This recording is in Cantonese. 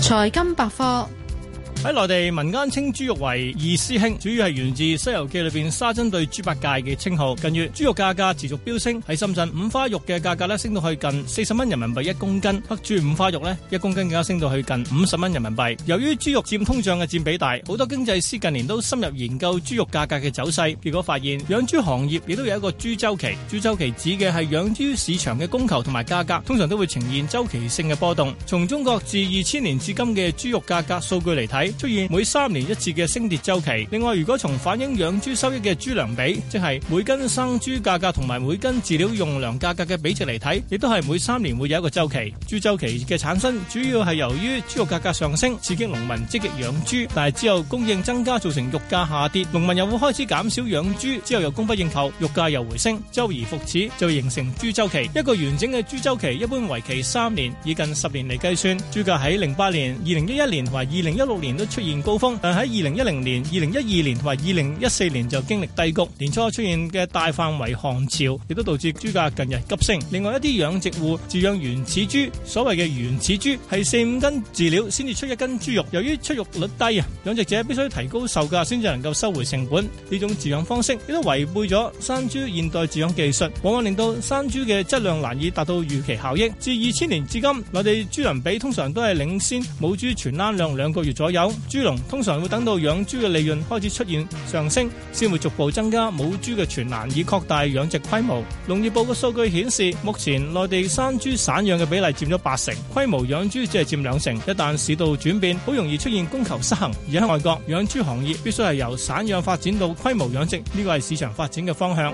財金百科。喺內地，民間稱豬肉為二師兄，主要係源自《西遊記》裏邊沙僧對豬八戒嘅稱號。近月豬肉價格持續飆升，喺深圳五花肉嘅價格咧升到去近四十蚊人民幣一公斤，黑豬五花肉呢一公斤更加升到去近五十蚊人民幣。由於豬肉佔通脹嘅佔比大，好多經濟師近年都深入研究豬肉價格嘅走勢，結果發現養豬行業亦都有一個豬周期。豬周期指嘅係養豬市場嘅供求同埋價格，通常都會呈現周期性嘅波動。從中國自二千年至今嘅豬肉價格數據嚟睇，出現每三年一次嘅升跌周期。另外，如果從反映養豬收益嘅豬糧比，即係每斤生豬價格同埋每斤飼料用糧價格嘅比值嚟睇，亦都係每三年會有一個周期。豬周期嘅產生主要係由於豬肉價格上升，刺激農民積極養豬，但係之後供應增加造成肉價下跌，農民又會開始減少養豬，之後又供不應求，肉價又回升，周而復始就形成豬周期。一個完整嘅豬周期一般為期三年，以近十年嚟計算，豬價喺零八年、二零一一年同埋二零一六年。出現高峰，但喺二零一零年、二零一二年同埋二零一四年就經歷低谷。年初出現嘅大範圍寒潮，亦都導致豬價近日急升。另外，一啲養殖戶飼養原始豬，所謂嘅原始豬係四五斤飼料先至出一斤豬肉，由於出肉率低啊，養殖者必須提高售價先至能夠收回成本。呢種飼養方式亦都違背咗生豬現代飼養技術，往往令到生豬嘅質量難以達到預期效益。自二千年至今，內地豬糧比通常都係領先母豬存欄量兩兩個月左右。豬農通常會等到養豬嘅利潤開始出現上升，先會逐步增加母豬嘅存欄，以擴大養殖規模。農業部嘅數據顯示，目前內地生豬散養嘅比例占咗八成，規模養豬只係占兩成。一旦市道轉變，好容易出現供求失衡。而喺外國，養豬行業必須係由散養發展到規模養殖，呢個係市場發展嘅方向。